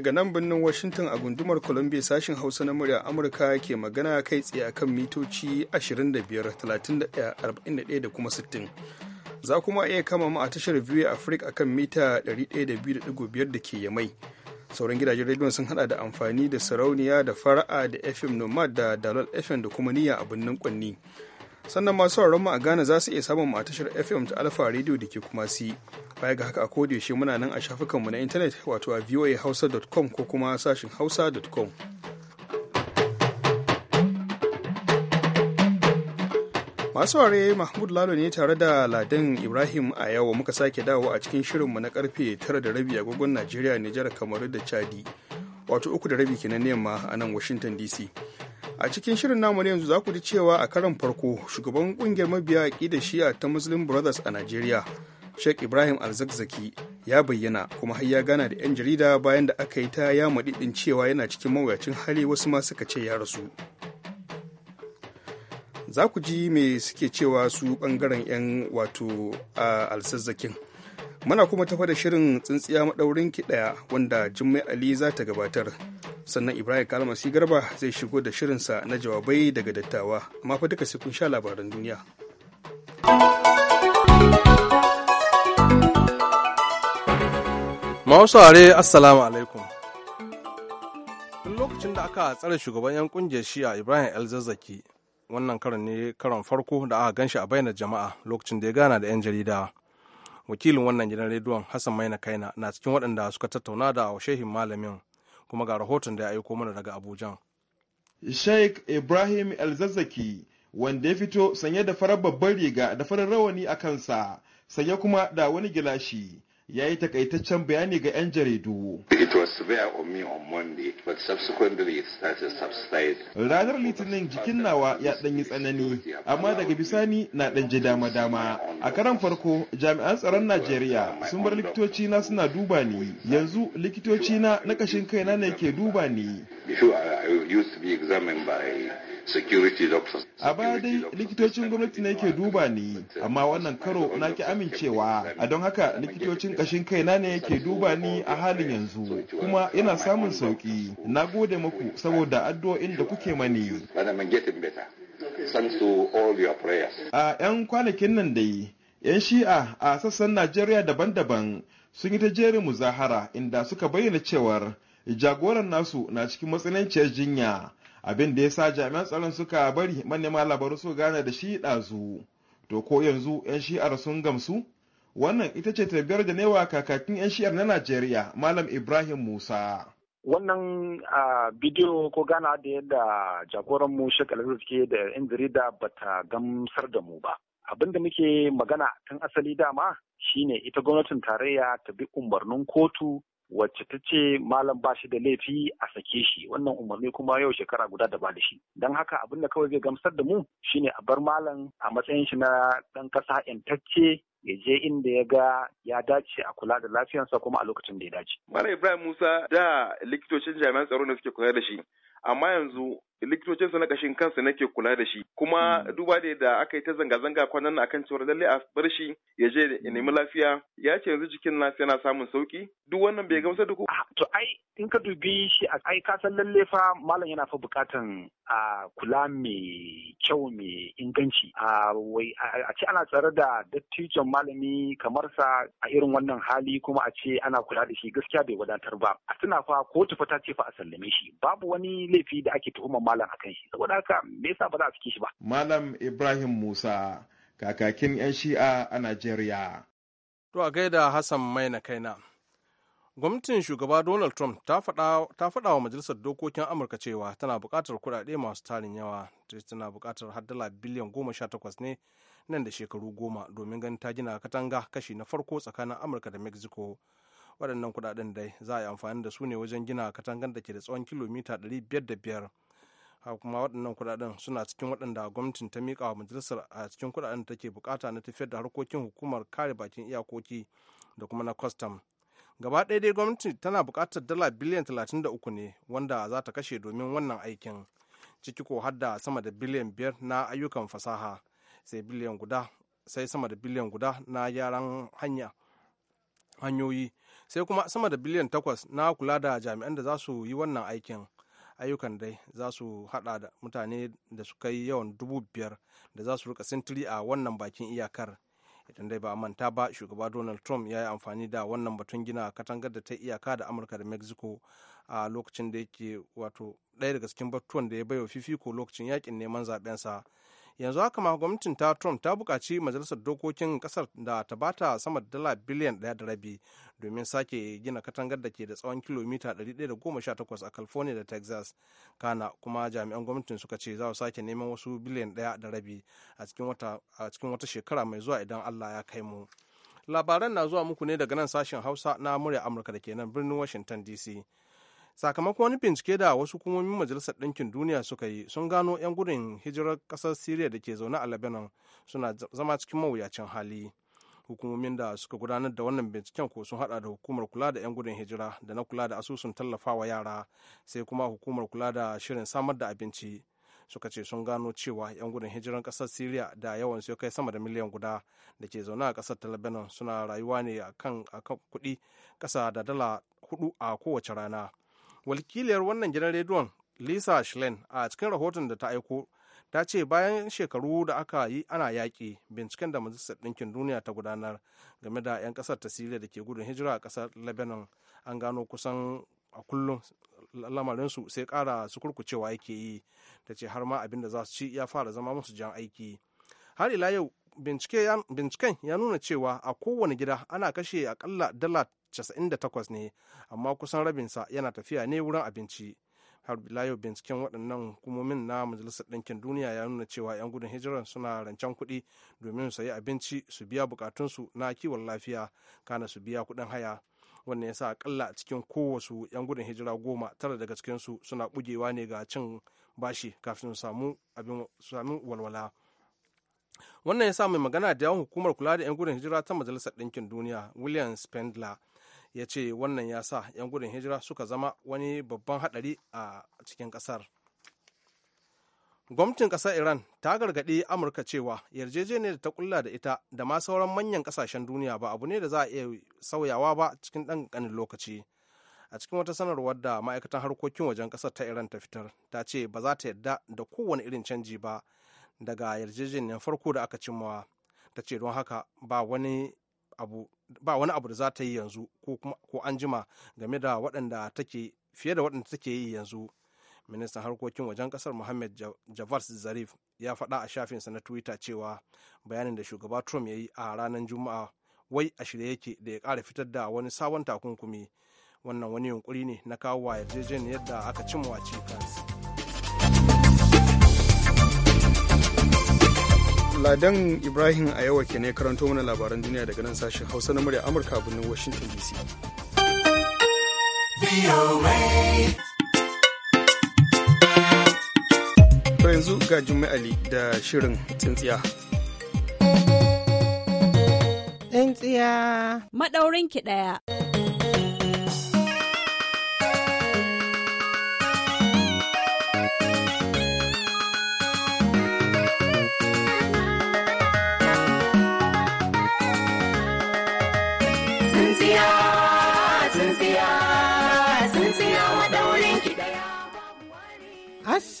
daga nan birnin washington a gundumar columbia sashen hausa na murya amurka ke magana kai tsaye akan mitoci 25 31 da kuma 60 za kuma iya kama mu a tashar a africa akan mita 102.5 da ke yamai sauran gidajen rediyon sun hada da amfani da sarauniya da fara'a da fm nomad da dalol fm da kuma niyya a birnin kwanni sannan masu sauraron mu a Ghana za su iya samun mu a tashar FM ta Alfa Radio da ke kuma si. Baya ga haka a koda yaushe muna nan a shafukanmu na intanet wato a voahausa.com ko kuma sashin hausa.com. masu ware mahmud lalo ne tare da ladan ibrahim a yawo muka sake dawo a cikin shirin mu na karfe 9 da rabi agogon najeriya nijar kamaru da chadi wato uku da rabi kenan yamma a nan washington dc a cikin shirin namu yanzu za ku ji cewa a karan farko shugaban kungiyar mabiya da shi'a ta muslim brothers a nigeria sheikh ibrahim alzakzaki ya bayyana kuma har ya gana da 'yan jarida bayan da aka yi ta ya maɗiɗin cewa yana cikin mawuyacin hali wasu ma suka ce ya rasu za ku ji me suke cewa su ɓangaren 'yan wato alzazzakin Muna kuma tafa da shirin tsintsiya maɗaurin kiɗaya wanda Jummai Ali za ta gabatar. Sannan Ibrahim Kalmasi Garba zai shigo da shirinsa na jawabai daga dattawa, amma fa duka sai kun sha labaran duniya. Mawasare Assalamu alaikum. Tun lokacin da aka tsare shugaban 'yan kungiyar shi'a Ibrahim El Zazzaki, wannan karon ne karon farko da aka ganshi a bayyana jama'a lokacin da ya gana da 'yan jarida. wakilin wannan gidan rediyon hassan maina kaina na cikin waɗanda suka tattauna da shehin malamin kuma ga rahoton da ya aiko mana daga abuja sheikh ibrahim il-zazzaki wanda ya fito sanye da farar babbar riga da farar rawani a kansa sanye kuma da wani gilashi ya yi takaitaccen bayani ga 'yan jaridu. Ranar Litinin jikin nawa ya ɗan yi tsanani, amma daga bisani na ɗan ji dama-dama. A karan farko, jami'an tsaron Najeriya sun bar likitoci na suna duba ni. Yanzu likitoci na na ƙashin kaina ne ke duba ni. A baya dai likitocin gwamnati ne ke duba ni, amma wannan karo na ki amincewa. A don haka likitocin ƙashin kaina ne yake duba ni a halin yanzu, kuma yana samun sauki. Na gode muku saboda addu'o'in da kuke mani. A 'yan kwanakin nan dai, 'yan shi'a a sassan Najeriya daban-daban sun yi ta jerin muzahara inda suka bayyana cewar jagoran nasu na cikin matsananciyar jinya abin da ya sa jami'an tsaron suka bari manema labaru su gane da shi ɗazu to ko yanzu 'yan shi'ar sun gamsu wannan ita ce tabbiyar da newa kakakin 'yan shi'ar na najeriya malam ibrahim musa wannan a bidiyo ko gana da yadda jagoran mu shek ke da yan jarida ta gamsar da mu ba abin da muke magana tun asali dama shine ita gwamnatin tarayya ta bi umarnin kotu wacce ta ce malam ba shi da laifi a sake shi wannan umarni kuma yau shekara guda da ba da shi don haka abin da kawai zai gamsar da mu shine a bar malam a matsayin shi na ɗan ƙasa 'yantacce ya je inda ya ga ya dace a kula da lafiyarsa kuma a lokacin da ya dace. Malam Ibrahim Musa da likitocin jami'an tsaro ne suke kula da shi amma yanzu likitocinsa na kashin kansa nake kula da shi kuma hmm. duba da da aka yi ta zanga-zanga kwanan nan akan cewa lalle a bar shi ya je ya hmm. nemi lafiya ya ce yanzu jikin lafiya yana samun sauki duk wannan bai gamsa da ku ah, to ai in ka dubi shi ai ka san lalle fa malam yana fa bukatan a kula mai kyau mai inganci a wai a ce ana tsare da dattijon malami kamar sa a irin wannan hali kuma a ce ana kula da shi gaskiya bai wadatar ba a tuna fa ko fa ta ce fa a sallame shi babu wani laifi da ake tuhumar malam akan shi saboda haka me yasa ba za a cike shi ba malam ibrahim musa kakakin yan shi'a a najeriya to a gaida hassan mai na kaina gwamnatin shugaba donald trump ta faɗa wa majalisar dokokin amurka cewa tana buƙatar kuɗaɗe masu tarin yawa tana buƙatar har dala biliyan goma sha takwas ne nan da shekaru goma domin ganin ta gina katanga kashi na farko tsakanin amurka da mexico waɗannan kuɗaɗen dai za a yi amfani da su ne wajen gina katangar da ke da tsawon kilomita 505 haka kuma waɗannan kuɗaɗen suna cikin waɗanda gwamnatin ta miƙa wa majalisar a cikin kuɗaɗen da take bukata na tafiyar da harkokin hukumar kare bakin iyakoki da kuma na kwastam gaba ɗaya dai gwamnati tana buƙatar dala biliyan 33 ne wanda za ta kashe domin wannan aikin ciki ko hadda sama da biliyan 5 na ayyukan fasaha sai biliyan guda sai sama da biliyan guda na yaran hanya hanyoyi sai kuma sama da biliyan 8 na kula da jami'an da za su yi wannan aikin ayyukan dai za su hada da mutane da su kai yawan dubu biyar da za su rika sintiri a wannan bakin iyakar idan dai ba a manta ba shugaba donald trump ya yi amfani da wannan batun gina katangar da ta iyaka da amurka da mexico a lokacin da yake wato ɗaya daga cikin batuwan da ya baiwa fifiko lokacin yakin neman zaɓensa yanzu haka ma gwamnatin ta trump ta bukaci majalisar dokokin kasar da ta bata sama da dala biliyan ɗaya da rabi domin sake gina katangar da ke da tsawon kilomita 118 a california da texas kana kuma jami'an gwamnatin suka ce za su sake neman wasu biliyan daya da rabi a cikin wata shekara mai zuwa idan allah ya kai mu labaran na zuwa muku ne daga nan sashen hausa na murya amurka da ke nan birnin washington dc sakamakon bincike da wasu hukumomin majalisar ɗinkin duniya suka yi sun gano 'yan gudun hijirar ƙasar syria da ke zaune a lebanon suna zama cikin mawuyacin hali hukumomin da suka gudanar da wannan binciken ko sun hada da hukumar kula da 'yan gudun hijira da na kula da asusun tallafawa yara sai kuma hukumar kula da shirin samar da abinci suka ce sun gano cewa 'yan gudun hijiran kasar syria da yawan su kai sama da miliyan guda da ke zaune a kasar ta lebanon suna rayuwa ne kan kuɗi kasa da dala hudu a kowace rana Walkiliyar wannan gidan rediyon Lisa Schlein a cikin rahoton da ta aiko ta ce bayan shekaru da aka yi ana yaƙi binciken da majalisar ɗinkin duniya ta gudanar game da 'yan ƙasar ta siriya da ke gudun hijira a ƙasar lebanon an gano kusan a kullum lamarinsu sai kara su kurkucewa yake yi ta ce har ma abin da za su ci ya fara zama musu jan aiki har ila yau binciken ya nuna cewa a kowane gida ana kashe akalla dala 98 ne amma kusan rabinsa yana tafiya ne wurin abinci har layo binciken waɗannan hukumomin na majalisar ɗinkin duniya ya nuna cewa 'yan gudun hijirar suna rancen kuɗi domin su sayi abinci su biya bukatunsu na kiwon lafiya kana su biya kuɗin haya wannan ya sa akalla a cikin kowasu 'yan gudun hijira goma tara daga cikinsu suna bugewa ne ga cin bashi kafin su samu walwala wannan ya sa mai magana da yawan hukumar kula da 'yan gudun hijira ta majalisar ɗinkin duniya william spendler ya ce wannan ya sa 'yan gudun hijira suka zama wani babban haɗari a cikin ƙasar gwamnatin ƙasar iran ta gargaɗi amurka cewa yarjejeniyar ta kulla da ita da ma sauran manyan ƙasashen duniya ba abu ne da za a iya sauyawa ba cikin ɗan ƙanƙanin lokaci a cikin wata sanarwar da ma'aikatan harkokin wajen ƙasar ta iran ta fitar ta ce ba za ta yarda da kowane irin canji ba daga yarjejeniyar farko da aka cimmawa ta ce don haka ba wani abu ba wani abu da za ta yi yanzu ko an jima game da waɗanda take fiye da waɗanda take yi yanzu ministan harkokin wajen kasar mohammed javars zarif ya faɗa a shafinsa na twitter cewa bayanin da shugaba trump ya yi a ranar juma'a wai a shirye yake da ya kara fitar da wani sabon takunkumi wannan wani yunkuri ne na kawo wa yarjejeniyar da aka cimma cikas Ladan Ibrahim a ke ne karanto mana labaran duniya daga nan sashen Hausa na murya Amurka a birnin Washington DC. yanzu ga Ali da shirin tsintsiya. Tsintsiya. Maɗaurinki ɗaya.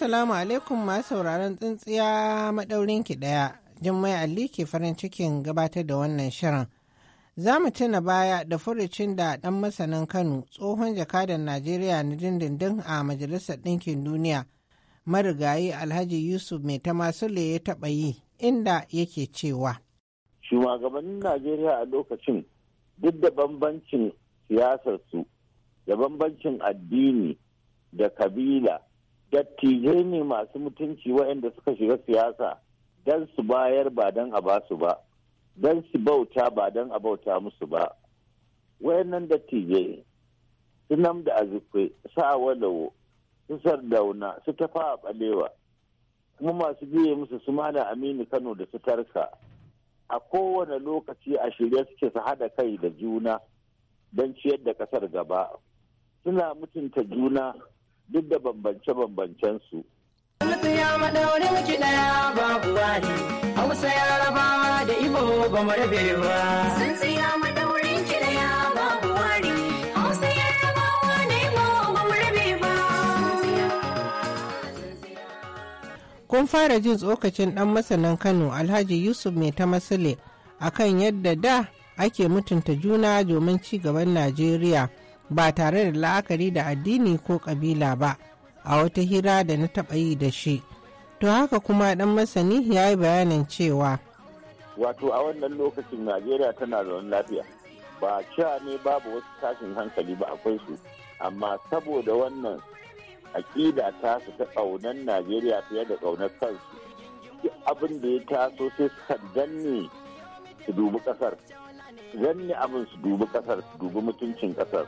Assalamu alaikum masu sauraron tsintsiya maɗaurin ki ɗaya, Jummai Ali ke farin cikin gabatar da wannan shirin. Za mu tuna baya da furucin da ɗan masanin Kano tsohon jakadan Najeriya na dindindin a Majalisar Ɗinkin Duniya, marigayi Alhaji Yusuf Mai ta Tamasule ya taɓa yi inda yake cewa. Shugabannin Najeriya a lokacin duk da bambancin siyasarsu da bambancin addini da kabila dattijai ne masu mutunci waɗanda suka shiga siyasa don su bayar ba don a ba su ba don su bauta ba don a bauta musu ba wayannan dattijai su nam da azikwe sa walawo su sardauna su tafa a balewa kuma masu biye musu su mana aminu kano da su tarka a kowane lokaci a shirye suke su hada kai da juna don ciyar da kasar gaba suna mutunta juna duk da bambance-bambancen su. ya maɗaurin kiɗa babu wani, Hausa Yarabawa da Ibo ba mu rabe ba. Sun tsaya maɗaurin kiɗa babu wani, Hausa Yarabawa da Ibo ba mu rabe ba. Kun fara jin tsokacin ɗan masanan Kano Alhaji Yusuf Mai ta Masule akan yadda da ake mutunta juna domin ci gaban Najeriya. ba tare da la'akari da addini ko ƙabila ba a wata hira da na taɓa yi da shi to haka kuma ɗan masani ya yi bayanin cewa wato a wannan lokacin najeriya tana zaune lafiya ba cewa ne babu wasu tashin hankali ba akwai su amma saboda wannan aƙida ta su ta ƙaunar najeriya fiye da ƙaunar kansu duk abin da ya taso sai su danne su dubi ƙasar danne abin su dubi ƙasar su dubi mutuncin ƙasar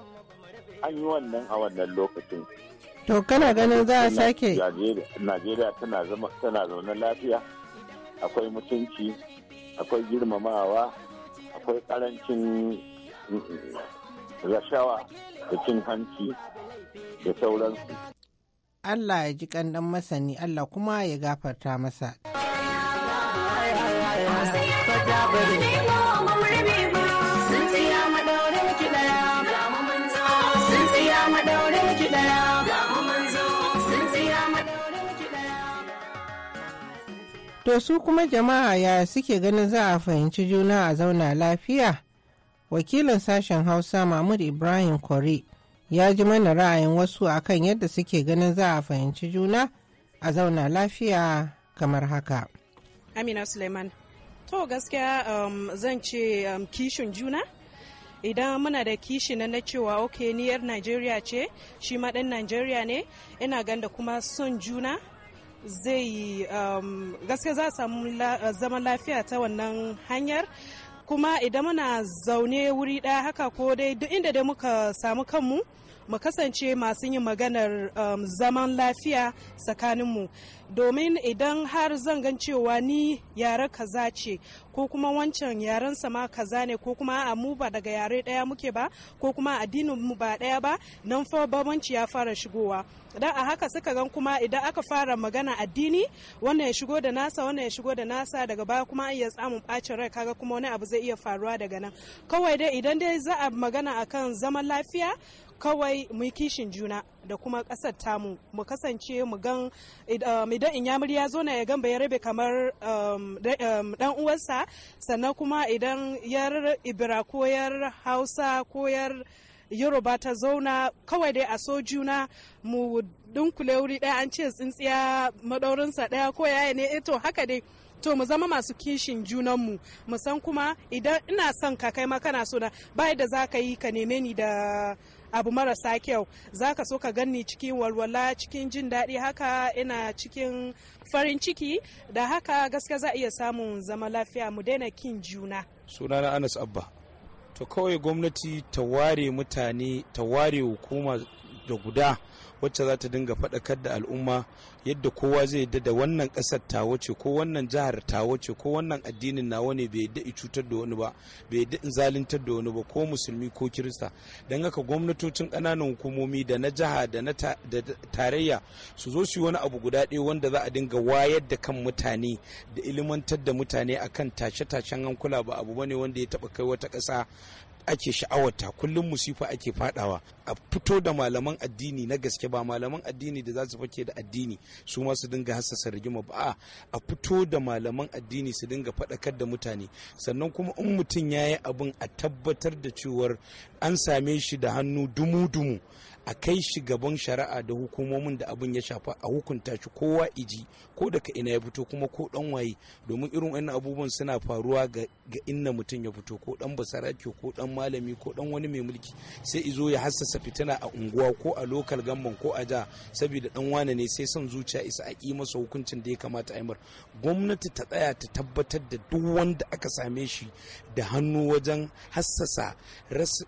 an yi wannan a wannan lokacin to kana ganin za a sake najeriya tana zama tana zaune lafiya akwai mutunci akwai girmamawa akwai karancin mm, rashawa da cin hanci da sauransu Allah ya ji kandan masani Allah kuma ya gafarta masa. To su kuma jama'a ya suke ganin za a fahimci juna a zauna lafiya? Wakilin sashen Hausa Mahmud Ibrahim Kore ya ji mana ra'ayin wasu akan yadda suke ganin za a fahimci juna a zauna lafiya kamar haka. Amina Suleiman. To gaskiya um, zan ce um, kishin juna? idan muna da kishi na cewa ok niyar nigeria najeriya ce shi ma ɗan najeriya ne ina ganda kuma son juna zai um, za a samu uh, zaman lafiya ta wannan hanyar kuma idan muna zaune wuri ɗaya haka ko dai duk inda dai muka samu kanmu mu kasance masu yin maganar um, zaman lafiya tsakaninmu domin idan har zan gan cewa ni yare kaza ce ko kuma wancan yaren sama kaza ne ko kuma a mu ba daga yare daya muke ba ko kuma addinin mu ba daya ba nan fa babanci ya fara shigowa dan a haka suka gan kuma idan aka fara magana addini wannan ya shigo da nasa wannan ya shigo da nasa daga baya kuma an iya samun bacin rai kaga kuma wani abu zai iya faruwa daga nan kawai dai idan dai za a magana akan zaman lafiya kawai mu kishin juna da kuma kasar tamu mu kasance mu gan idan eh, in ya zo na ya gan bai rabe kamar um, um, dan uwarsa sannan kuma idan yar ibira ko yar hausa ko yar yoruba ta zauna kawai dai a so juna mu dunkule wuri daya an ce tsintsiya madaurinsa daya ko yaya ne eh, to haka dai to mu zama masu kishin junanmu mu san kuma idan ina son ka kai ma kana so na bai da za ka yi ka neme ni da abu marasa kyau za ka so ka ganni cikin walwala cikin jin daɗi haka ina cikin farin ciki da haka gaske za a iya samun zama lafiya mu daina kin juna sunana anas abba to kawai gwamnati ta ware mutane ta ware hukuma da guda wacce za ta dinga faɗakar da al'umma yadda kowa zai yadda da wannan ƙasar tawo ce ko wannan jihar tawo ce ko wannan addinin nawa ne bai yadda cutar da wani ba bai yadda in zaluntar da wani ba ko musulmi ko kirista don haka gwamnatocin ƙananan hukumomi da na jiha da na tarayya su zo su yi wani abu guda ɗaya wanda za a dinga wayar da kan mutane da ilimantar da mutane akan tashe-tashen hankula ba abu bane wanda ya taɓa kai wata ƙasa ake sha'awata kullum musifa ake fadawa a fito da malaman addini na gaske ba malaman addini da za su fake da addini su ma su dinga hassasa rigima ba a fito da malaman addini su dinga faɗakar da mutane sannan kuma in mutum ya yi abin a tabbatar da cewar an same shi da hannu dumu-dumu a kai shi gaban shari'a da hukumomin da abin ya shafa a hukunta shi kowa iji ko daga ina ya fito kuma ko dan waye domin irin wannan abubuwan suna faruwa ga inna mutum ya fito ko dan basarake ko dan malami ko dan wani mai mulki sai izo ya hassasa fitina a unguwa ko a lokal gamban ko a ja saboda dan wane ne sai son zuciya isa a kima masa hukuncin da ya kamata a gwamnati ta tsaya ta tabbatar da duk wanda aka same shi da hannu wajen hassasa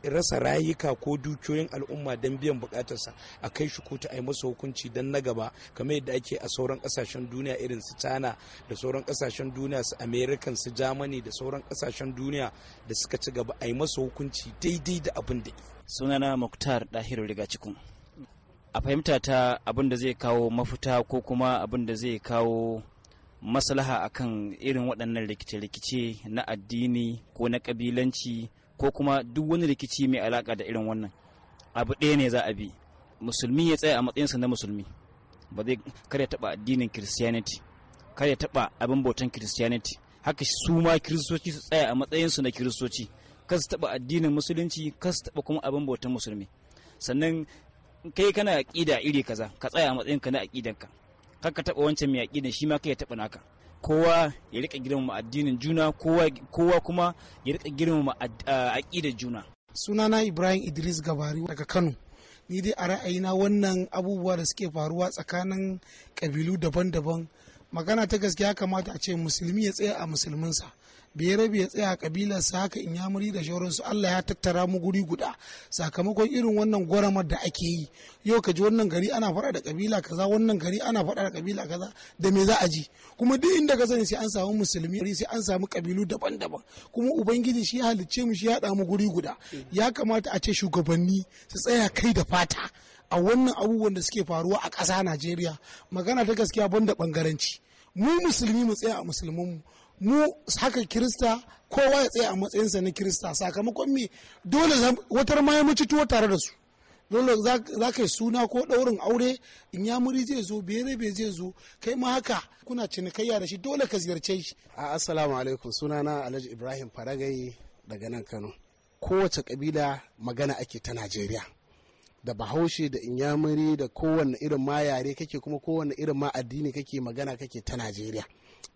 rasa rayuka ko dukiyoyin al'umma don biyan bukatarsa a kai shi kotu a yi masa hukunci dan na gaba kamar yadda ake a sauran kasashen duniya irin su China da sauran kasashen duniya su American su Germany da sauran kasashen duniya da suka ci gaba a yi masa hukunci daidai da abin da sunana Muktar Dahiru riga cikin a fahimta ta abin da zai kawo mafita ko kuma abin da zai kawo maslaha akan irin waɗannan rikice-rikice na addini ko na ƙabilanci ko kuma duk wani rikici mai alaƙa da irin wannan abu ɗaya ne za a bi musulmi ya tsaya a matsayinsa na musulmi ba zai kar ya taɓa addinin christianity kar ya taɓa abin bautan christianity haka su ma kiristoci su tsaya a matsayinsu na kiristoci kar taɓa addinin musulunci kar taɓa kuma abin bautan musulmi sannan kai kana aƙida iri kaza ka tsaya a matsayinka na aƙidanka kar ka taɓa wancan mai aƙidan shi ma kai ya taɓa naka kowa ya rika girmama addinin juna kowa kuma ya rika girmama aƙidar juna sunana ibrahim idris gabari daga kano ni dai a ra'ayina wannan abubuwa da suke faruwa tsakanin kabilu daban-daban magana ta gaskiya kamata a ce musulmi ya tsaya a musulminsa berabe ya tsaya kabilarsa haka in yamuri da shauransu Allah ya tattara mu guri guda sakamakon irin wannan gwaramar da ake yi yau ka ji wannan gari ana faɗa da kabila kaza wannan gari ana faɗa da kabila kaza da me za a ji kuma duk inda ka sani sai an samu musulmi sai an samu kabilu daban-daban kuma ubangiji shi ya halicce mu shi ya da mu guri guda ya kamata a ce shugabanni su tsaya kai da fata a wannan abubuwan da suke faruwa a ƙasa Najeriya magana ta gaskiya banda bangaranci mu musulmi mu tsaya a musulmanmu mu haka kirista kowa ya tsaye a matsayinsa na kirista sakamakon me dole watar ma ya mace tuwa tare da su dole za ka yi suna ko ɗaurin aure in ya muri zai zo bai zai zo kai ma haka kuna cinikayya da shi dole ka ziyarce shi a assalamu alaikum sunana alhaji ibrahim faragai daga nan kano kowace kabila magana ake ta najeriya da bahaushe da inyamuri da kowanne irin ma yare kake kuma kowanne irin ma addini kake magana kake ta najeriya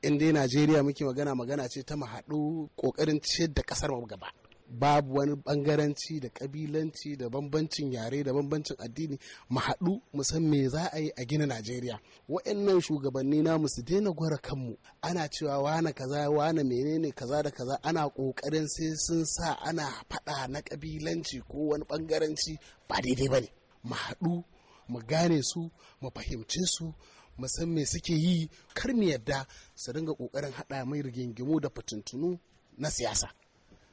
in dai najeriya muke magana magana ce ta mahaɗu ƙoƙarin ciyar da ƙasar mu gaba babu wani bangaranci da kabilanci da bambancin yare da bambancin addini mu haɗu mu san me za a yi a gina najeriya wa'annan shugabanni na su daina gwara kanmu ana cewa wane kaza wane menene kaza da kaza ana ƙoƙarin sai sun sa ana faɗa na kabilanci ko wani bangaranci ba daidai ba ne mu haɗu mu gane su mu fahimce su musamman me suke yi kar mu yadda su dinga kokarin hada mai rigingimu da fitintunu na siyasa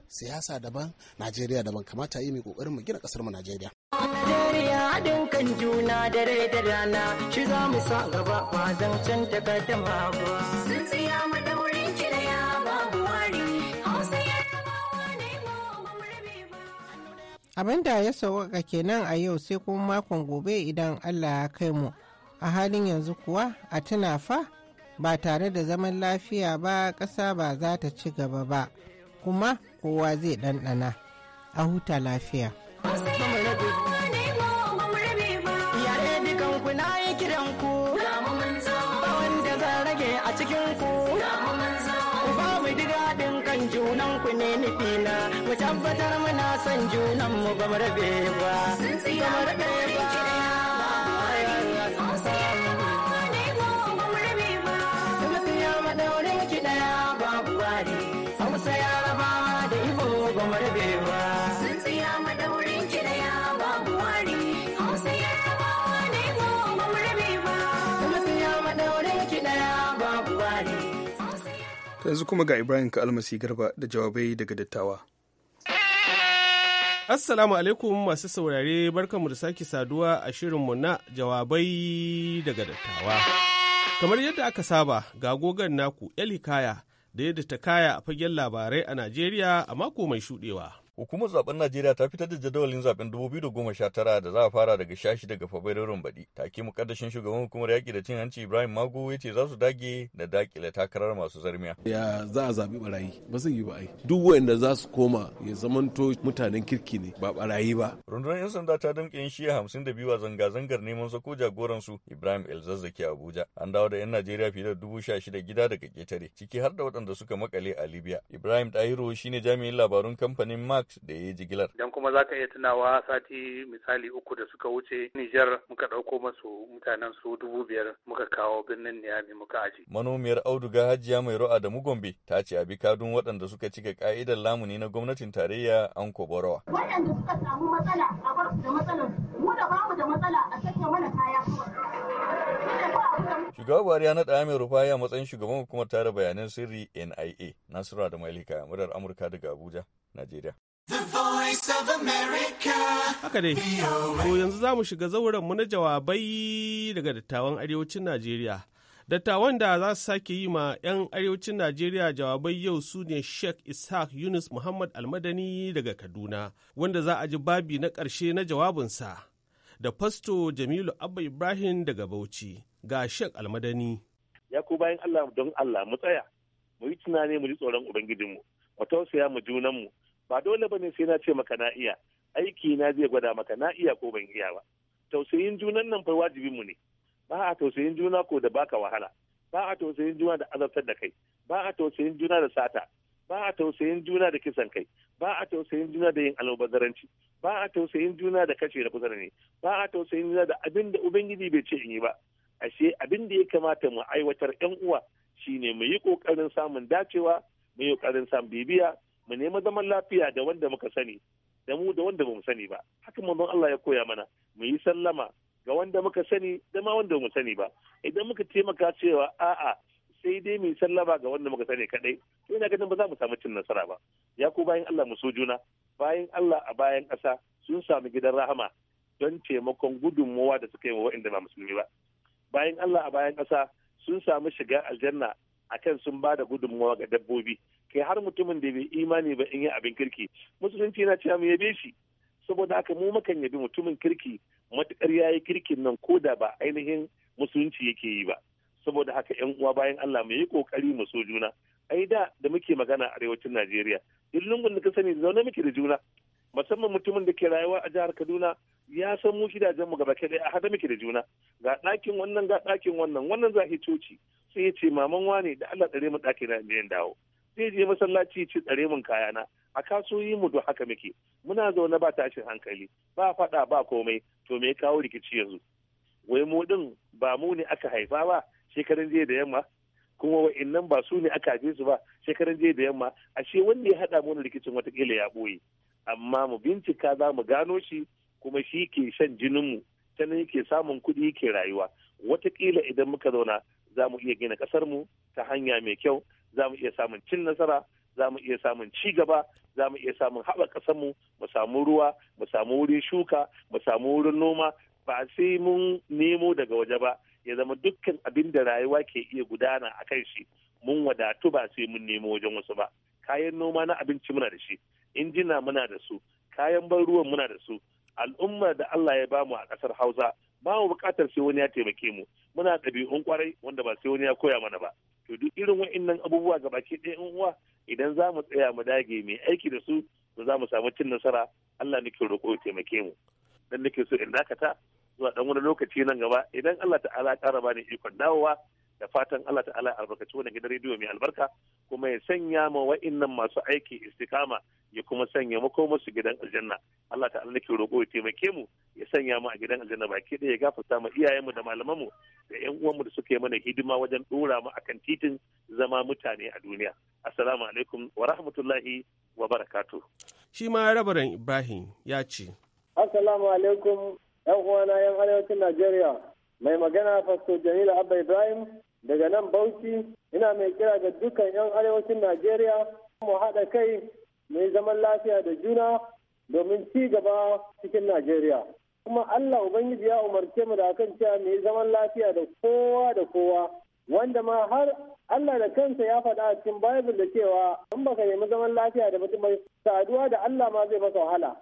siyasa daban najeriya daban kamata yi mai kokarin mu gina kasar mu najeriya Najeriya haɗin kan juna da rai da rana shi za mu sa gaba ba zan zancen takaddama ba. Sun tsaya mu ya kiraya babu wari ne abin da ya sauwaka kenan a yau sai kuma makon gobe idan allah ya kai mu a halin yanzu kuwa a tuna fa ba tare da zaman lafiya ba ƙasa ba za ta ci gaba ba kuma kowa zai ɗanɗana a huta lafiya. mu tabbatar muna son junanmu ba mu rabe ba. Sun tsiya mu rabe ba. marbewa. Sun tsaya madaurin kiraya babu wari, Hausa yarbawa ne ko goma marbewa. Sun tsaya madaurin ya babu wari. Yanzu kuma ga Ibrahim ka almasi garba da jawabai daga dattawa. Assalamu alaikum masu saurare barkanmu da sake saduwa a shirinmu na jawabai daga dattawa. Kamar yadda aka saba ga gogon naku Elikaya da yadda ta kaya a fagen labarai a Najeriya a mako mai shuɗewa. Hukumar zaben Najeriya ta fitar da jadawalin zaben 2019 da za a fara daga 16 ga Fabrairun baɗi. Take mukaddashin shugaban hukumar yaƙi da cin hanci Ibrahim Mago ya ce za su dage da dakile takarar masu zarmiya. Ya za a zaɓi barayi ba zai yi ba ai. Duk wanda za su koma ya zamanto mutanen kirki ne ba barayi ba. Rundunar 'yan sanda ta damƙe yan shiya hamsin da biyu a zanga-zangar neman sako jagoransu Ibrahim Elzazzaki Abuja. An dawo da 'yan Najeriya fiye da dubu sha shida gida daga ƙetare ciki har da waɗanda suka makale a Libya. Ibrahim Ɗahiro shine jami'in labarun kamfanin ma Covax da ya jigilar. Dan kuma za ka iya tunawa sati misali uku da suka wuce Nijar muka ɗauko masu mutanen su dubu biyar muka kawo birnin Niyami muka aji. Manomiyar Auduga Hajiya Mai Ro'a da Mugombe ta ce a kadun waɗanda suka cika ka'idar lamuni na gwamnatin tarayya an kobarawa. Waɗanda suka samu matsala a bar su da matsalar mu da bamu da matsala a sake mana kaya Shugaba Buhari ya naɗa Amir Rufai a matsayin shugaban hukumar tara bayanan sirri NIA. nasiru da Malika, murar Amurka daga Abuja, Najeriya. Haka dai, to yanzu za mu shiga zaurenmu na jawabai daga dattawan arewacin Najeriya. Dattawan da za su sake yi ma 'yan arewacin Najeriya jawabai yau su ne Sheikh Ishaq Yunus Muhammad Almadani daga Kaduna, wanda za a ji babi na ƙarshe na jawabinsa, da Fasto Jamilu Abba Ibrahim daga Bauchi, ga Sheikh Almadani. Ya ku bayan Allah don Allah mu tsaya, mu yi tunani mu ji tsoron Ubangijinmu, mu tausaya mu junanmu, ba dole bane sai na ce maka na iya aiki na zai gwada maka na iya ko ban iya ba tausayin junan nan fai wajibin mu ne ba a tausayin juna ko da baka wahala ba a tausayin juna da azabtar da kai ba a tausayin juna da sata ba a tausayin juna da kisan kai ba a tausayin juna da yin almubazzaranci ba a tausayin juna da kashe da kusa ne ba a tausayin juna da abin da ubangiji bai ce in yi ba ashe abin da ya kamata mu aiwatar yan uwa shine mu yi kokarin samun dacewa mu yi kokarin samun bibiya mu nemi zaman lafiya da wanda muka sani da mu da wanda bamu sani ba haka manzon Allah ya koya mana mu yi sallama ga wanda muka sani da ma wanda bamu sani ba idan muka taimaka cewa a'a sai dai mu yi sallama ga wanda muka sani kadai to ina ganin ba za mu samu cin nasara ba ya ku bayan Allah mu so juna bayan Allah a bayan ƙasa sun samu gidan rahama don taimakon gudunmowa da suka yi wa waɗanda ba musulmi ba bayan Allah a bayan ƙasa sun samu shiga aljanna akan sun ba da gudunmowa ga dabbobi kai har mutumin da bai imani ba in yi abin kirki musulunci yana cewa mu yabe shi saboda haka mu mukan yabi mutumin kirki matukar yayi kirkin nan ko da ba ainihin musulunci yake yi ba saboda haka yan uwa bayan Allah mu yi kokari mu so juna ai da da muke magana a arewacin Najeriya duk lungun da ka sani zaune muke da juna musamman mutumin da ke rayuwa a jihar Kaduna ya san mu gidajen mu gaba dai a hada muke da juna ga ɗakin wannan ga ɗakin wannan wannan za coci sai ya ce maman wane da Allah ɗare mu ɗakin na dawo zai je masallaci ci tsare min kayana a kasuwoyi mu duk haka muke muna zaune ba tashin hankali ba faɗa ba komai to me kawo rikici yanzu wai mu din ba mu ne aka haifa ba shekarun jiya da yamma kuma wa'annan ba su ne aka haife su ba shekarun jiya da yamma ashe wanda ya haɗa mu rikicin watakila ya ɓoye amma mu bincika za mu gano shi kuma shi ke shan jininmu sannan yake samun kuɗi yake rayuwa watakila idan muka zauna za mu iya gina mu ta hanya mai kyau za mu iya samun cin nasara za mu iya samun ci gaba za mu iya samun haɓa ƙasarmu mu samu ruwa mu samu wurin shuka mu samu wurin noma ba sai mun nemo daga waje ba ya zama dukkan abin da rayuwa ke iya gudana a kan shi mun wadatu ba sai mun nemo wajen wasu ba kayan noma na abinci muna da shi injina muna da su kayan ban ruwan muna da su al'umma da Allah ya bamu a ƙasar Hausa ba mu buƙatar sai wani ya taimake mu muna ɗabi'un kwarai wanda ba sai wani ya koya mana ba to duk irin wa'annan abubuwa ga baki ɗaya in uwa idan za mu tsaya mu dage mai aiki da su to za mu samu cin nasara Allah nake roƙo ya taimake mu dan nake so in dakata zuwa dan wani lokaci nan gaba idan Allah ta'ala ya ƙara bani ikon dawowa da fatan Allah ta'ala albarkaci wannan gidan rediyo mai albarka kuma ya sanya ma wa'annan masu aiki istikama ya kuma sanya mako musu gidan aljanna Allah ta'ala nake roƙo ya taimake mu ya sanya mu a gidan aljanna baki ɗaya ya gafarta mu iyayenmu da mu da ƴan uwanmu da suka mana hidima wajen ɗora mu akan titin zama mutane a duniya assalamu alaikum wa rahmatullahi wa barakatuh shi ma rabaran ibrahim ya ce assalamu alaikum yan uwana yan arewacin najeriya mai magana fasto jamila abba ibrahim daga nan bauchi ina mai kira ga dukkan 'yan arewacin najeriya mu haɗa kai mai zaman lafiya da juna domin ci gaba cikin najeriya kuma allah ubangiji ya umarce mu da kan cewa mai zaman lafiya da kowa da kowa wanda ma har allah da kansa ya faɗa a cikin bible da cewa in baka nemi zaman lafiya da mutum saduwa da allah ma zai masa wahala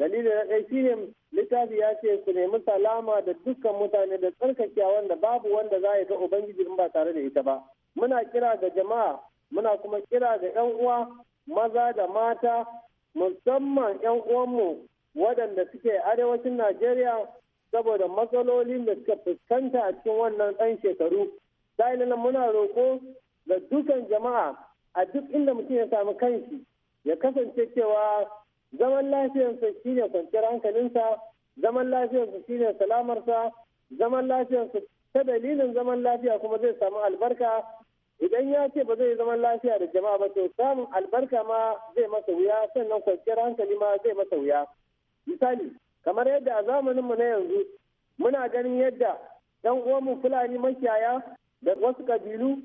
dalilin na ɗai shine littafi ya ce ku nemi salama da dukkan mutane da tsarkakiya wanda babu wanda za ga ubangiji in ba tare da ita ba muna kira ga jama'a muna kuma kira ga yan uwa maza da mata musamman yan uwanmu waɗanda suke arewacin najeriya saboda matsalolin da suka fuskanta a cikin wannan ɗan shekaru sa'ilin muna roƙo ga dukkan jama'a a duk inda mutum ya sami kanshi ya kasance cewa zaman lafiyarsa shine kwanciyar hankalinsa zaman lafiyarsa shine salamarsa zaman lafiyarsa ta dalilin zaman lafiya kuma zai samu albarka idan ya ce ba zai zaman lafiya da jama'a ba to samun albarka ma zai masa wuya sannan kwanciyar hankali ma zai masa wuya misali kamar yadda a zamaninmu na yanzu muna ganin yadda ɗan uwanmu fulani makiyaya da wasu kabilu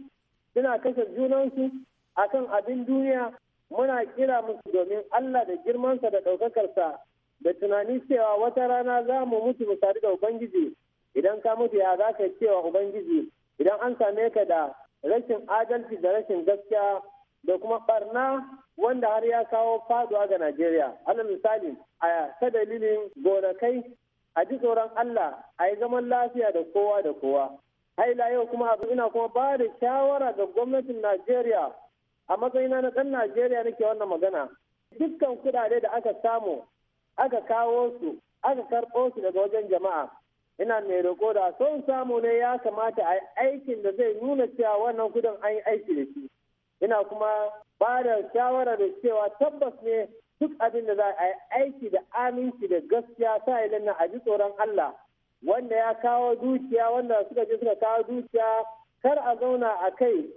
suna kashe junansu akan abin duniya muna kira musu domin Allah da girmansa da ɗaukakarsa da tunani cewa wata rana za mu mutu tare da Ubangiji idan ka mutu ya za ka cewa Ubangiji idan an same ka da rashin adalci da rashin gaskiya da kuma barna wanda har ya kawo faduwa ga Najeriya. Allah misali a ta dalilin gonakai a ji tsoron Allah a yi zaman lafiya da kowa da kowa. Haila yau kuma abu ina kuma ba da shawara ga gwamnatin Najeriya a matsayina na ɗan najeriya nake wannan magana dukkan kuɗaɗe da aka samu aka kawo su aka karɓo su daga wajen jama'a ina mai roƙo da son samu ne ya kamata a aikin da zai nuna cewa wannan kudin an yi aiki da shi ina kuma ba da shawara da cewa tabbas ne duk abin da za a yi aiki da aminci da gaskiya sa ilin na a ji tsoron Allah wanda ya kawo dukiya wanda suka je suka kawo dukiya kar a zauna a kai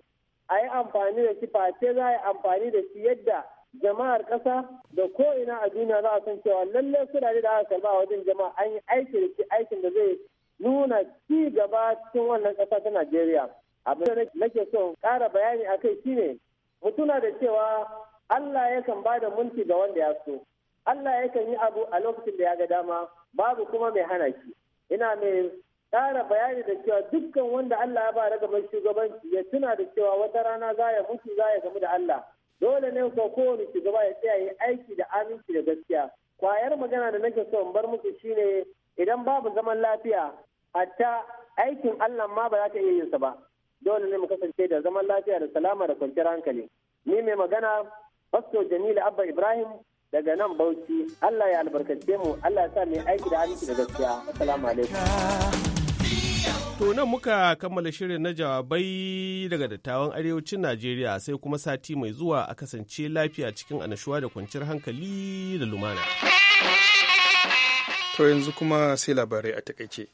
a yi amfani da shi face za a yi amfani da shi yadda jama'ar ƙasa da ko'ina a duniya za a san cewa lallai kudade da aka karba a wajen jama'a an yi aiki da shi aikin da zai nuna ci gaba cikin wannan ƙasa ta Najeriya. Abin da nake so ƙara bayani a kai shine mutuna da cewa Allah yakan ba da mulki ga wanda ya so. Allah yakan yi abu a lokacin da ya ga dama babu kuma mai hana shi. Ina mai ƙara bayani da cewa dukkan wanda Allah ya ba ragaban shugabanci ya tuna da cewa wata rana za ya mutu za ya gamu da Allah dole ne ko kowane shugaba ya tsaya yi aiki da aminci da gaskiya kwayar magana da nake so in bar muku shine idan babu zaman lafiya hatta aikin Allah ma ba za ta iya yin sa ba dole ne mu kasance da zaman lafiya da salama da kwanciyar hankali ni mai magana Pastor Jamilu Abba Ibrahim daga nan Bauchi Allah ya albarkace mu Allah ya sa mu aiki da aminci da gaskiya assalamu alaikum To nan muka kammala shirin na jawabai daga dattawan arewacin Najeriya sai kuma sati mai zuwa a kasance lafiya cikin anashuwa da kwanciyar hankali da lumana. To yanzu kuma sai labarai a takaice.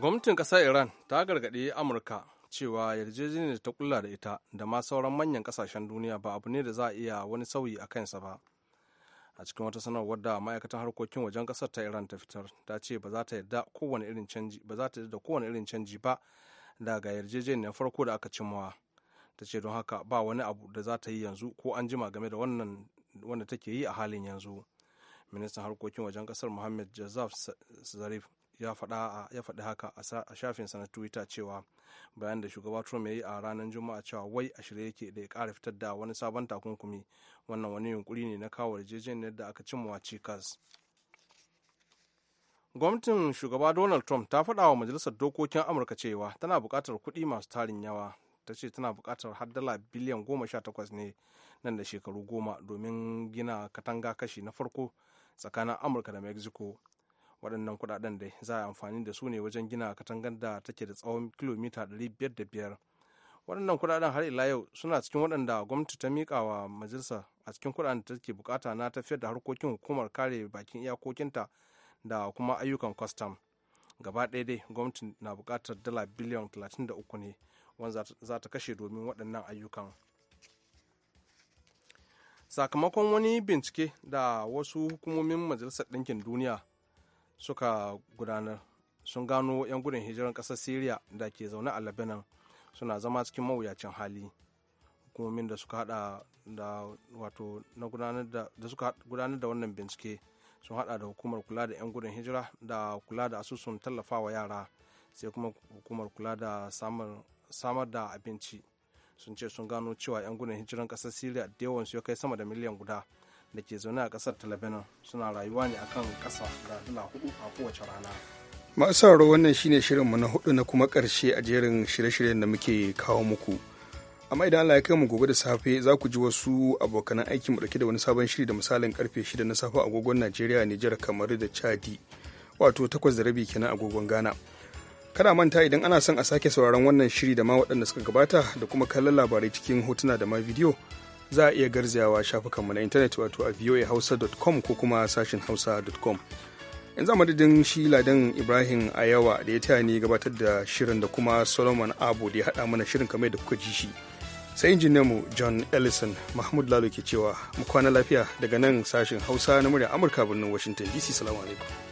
Gwamnatin ƙasar Iran ta gargaɗi Amurka cewa yarjejeniyar ta kulla da ita da ma sauran manyan ƙasashen duniya ba abu ne da za a iya wani sauyi a kansa ba. a cikin wata sanarwar da ma'aikatan harkokin wajen kasar ta iran ta fitar ta ce ba za ta yarda kowane irin canji ba za ta yarda kowane irin canji ba daga yarjejeniyar farko da aka cimma ta ce don haka ba wani abu da za ta yi yanzu ko an jima game da wannan wanda take yi a halin yanzu ministan harkokin wajen kasar muhammad jazaf zarif ya faɗa ya faɗi haka a shafin sa na twitter cewa bayan da shugaba trump ya yi a ranar juma'a cewa wai a shirye yake da ya ƙara fitar da wani sabon takunkumi wannan wani yunkuri ne na kawo yarjejeniyar da aka cimma cikas gwamnatin shugaba donald trump ta faɗa wa majalisar dokokin amurka cewa tana buƙatar kuɗi masu tarin yawa ta ce tana buƙatar har dala biliyan goma sha takwas ne nan da shekaru goma domin gina katanga kashi na farko tsakanin amurka da mexico waɗannan kuɗaɗen dai za a amfani da su ne wajen gina katangar da take da tsawon kilomita ɗari biyar da biyar waɗannan kuɗaɗen har ila yau suna cikin waɗanda gwamnati ta miƙa wa majalisa a cikin kuɗaɗen da take bukata na tafiyar da harkokin hukumar kare bakin iyakokinta da kuma ayyukan kwastam gaba ɗaya dai gwamnati na buƙatar dala biliyan 33 ne wanda za ta kashe domin waɗannan ayyukan sakamakon wani bincike da wasu hukumomin majalisar ɗinkin duniya suka gudanar sun gano 'yan gudun hijiran kasar syria da ke zaune a lebanon suna zama cikin mawuyacin hali hukumomin da suka hada da wato na gudanar da, suka gudanar da wannan bincike sun hada da hukumar kula da 'yan gudun hijira da kula da asusun tallafawa yara sai kuma hukumar kula da samar da abinci sun ce sun gano cewa 'yan gudun hijiran ƙasar syria da yawansu ya kai sama da miliyan guda da ke zaune a kasar ta suna rayuwa ne akan kasa da dala hudu a kowace rana masu sauraro wannan shine shirinmu na hudu na kuma karshe a jerin shirye-shiryen da muke kawo muku amma idan Allah ya kai mu gobe da safe za ku ji wasu abokan aikin mu dauke da wani sabon shiri da misalin karfe 6 na safe agogon Najeriya Nijar kamar da Chadi wato 8 da rabi kenan agogon Ghana kada manta idan ana son a sake sauraron wannan shiri da ma waɗanda suka gabata da kuma kallon labarai cikin hotuna da ma bidiyo za a iya garzayawa shafukanmu na intanet wato a voahausa.com ko kuma sashin hausa.com yanzu a madadin shi ladan ibrahim ayawa da ya taya ni gabatar da shirin da kuma solomon abu da ya haɗa mana shirin kamar da kuka ji shi sai injin john ellison mahmud lalo ke cewa mu kwana lafiya daga nan sashin hausa na murya amurka birnin washington dc salamu alaikum